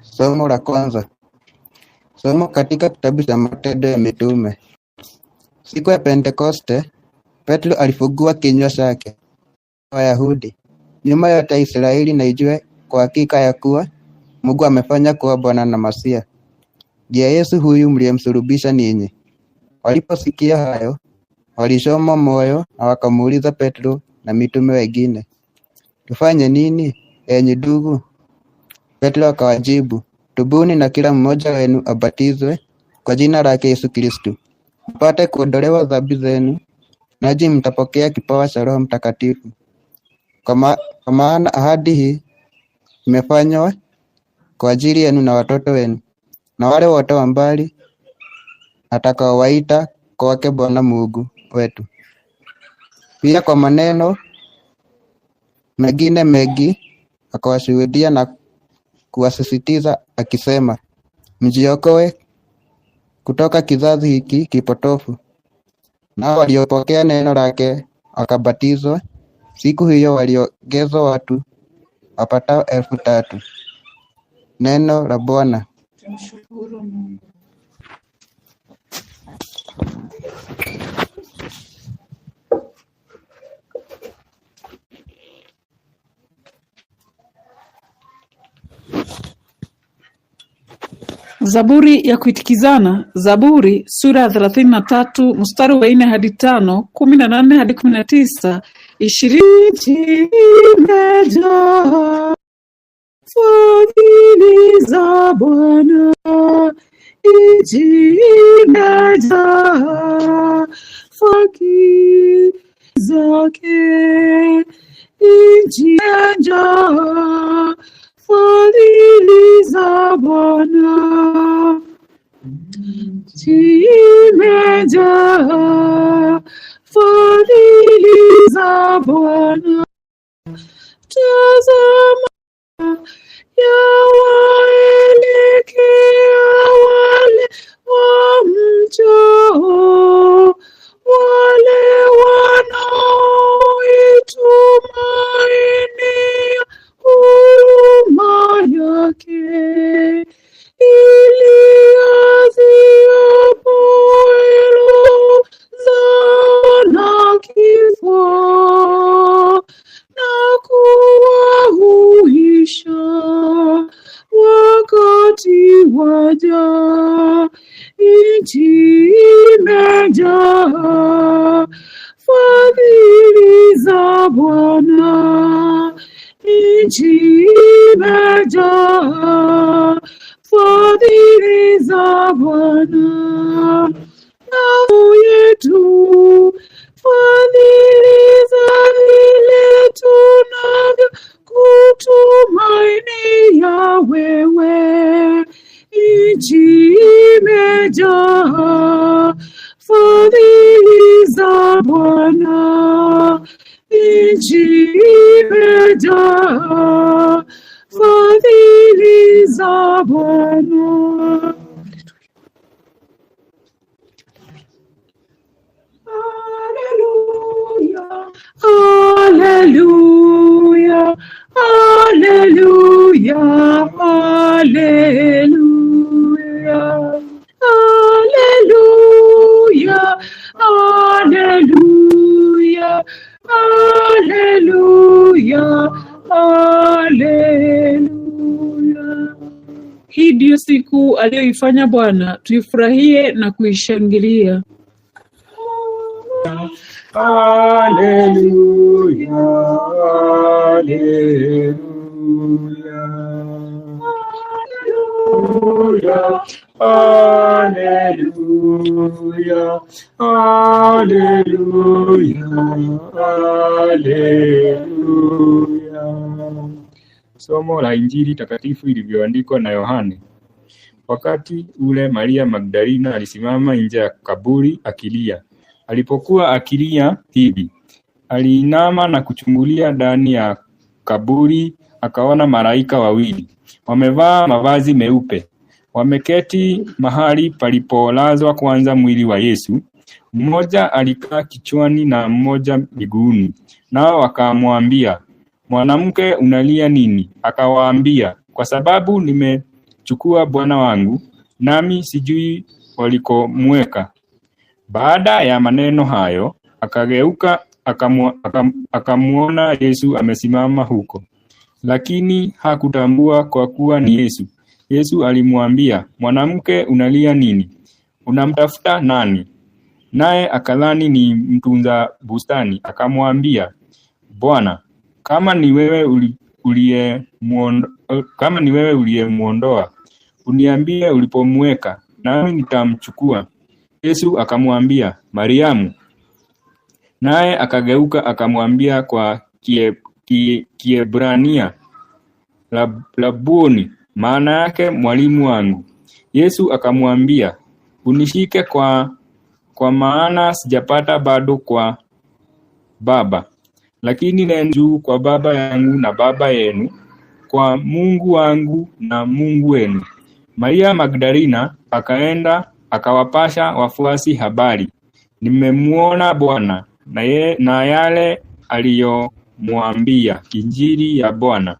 Somo la kwanza. Somo katika kitabu cha Matendo ya Mitume. Siku ya Pentekoste, Petro alifungua kinywa chake Wayahudi, nyuma yote Israeli na ijue kwa hakika ya kuwa Mungu amefanya kuwa Bwana na Masia. Je, Yesu huyu mliyemsulubisha ninyi? Waliposikia hayo, walishoma moyo na wakamuuliza Petro na mitume wengine, tufanye nini, enyi ndugu? Petro akawajibu, “Tubuni na kila mmoja wenu abatizwe kwa jina lake Yesu Kristo, mpate kuondolewa dhambi zenu, nanyi mtapokea kipawa cha Roho Mtakatifu, kwa maana ahadi hii imefanywa kwa ajili yenu na watoto wenu, na wale wote wa mbali atakaowaita kwake Bwana Mungu wetu. Pia kwa maneno mengine mengi akawashuhudia na kuwasisitiza akisema mjiokoe kutoka kizazi hiki kipotofu. Nao waliopokea neno lake wakabatizwa. Siku hiyo waliongezwa watu wapatao elfu tatu. Neno la Bwana. Tumshukuru Mungu. Zaburi ya kuitikizana Zaburi sura ya thelathini na tatu mstari wa nne hadi tano kumi na nane hadi kumi na tisa ishirini imejaa fadhili za Bwana, nchi imejaa zake, nchi imejaa fadhili za Bwana. Tazama yawaelekea wale wamjao, wale wanaoituma Intiwaja, intimeja, fadhili za Bwana. Intimeja, fadhili za zabłona widzimy da, chwalili zabłona. Alleluja, alleluia, alleluia, Alleluja. hiyo siku aliyoifanya Bwana, tuifurahie na kuishangilia. Somo la Injili takatifu ilivyoandikwa na Yohane. Wakati ule Maria Magdalena alisimama nje ya kaburi akilia. Alipokuwa akilia hivi, aliinama na kuchungulia ndani ya kaburi, akaona malaika wawili wamevaa mavazi meupe, wameketi mahali palipolazwa kwanza mwili wa Yesu. Mmoja alikaa kichwani na mmoja miguuni, nao wakamwambia, mwanamke, unalia nini? Akawaambia, kwa sababu nime Chukua bwana wangu, nami sijui walikomweka." Baada ya maneno hayo, akageuka akamwona Yesu amesimama huko, lakini hakutambua kwa kuwa ni Yesu. Yesu alimwambia, "Mwanamke, unalia nini? Unamtafuta nani?" Naye akadhani ni mtunza bustani, akamwambia, "Bwana, kama ni wewe uliyemwondoa, kama ni wewe uliyemwondoa, Uniambie ulipomweka nami nitamchukua." Yesu akamwambia, "Mariamu." Naye akageuka akamwambia kwa Kiebrania, Lab, "Rabuni," maana yake mwalimu wangu. Yesu akamwambia, "Unishike kwa kwa maana sijapata bado kwa Baba, lakini nenda juu kwa Baba yangu na Baba yenu, kwa Mungu wangu na Mungu wenu." Maria Magdalena akaenda akawapasha wafuasi habari, nimemuona Bwana na yale aliyomwambia Injili ya Bwana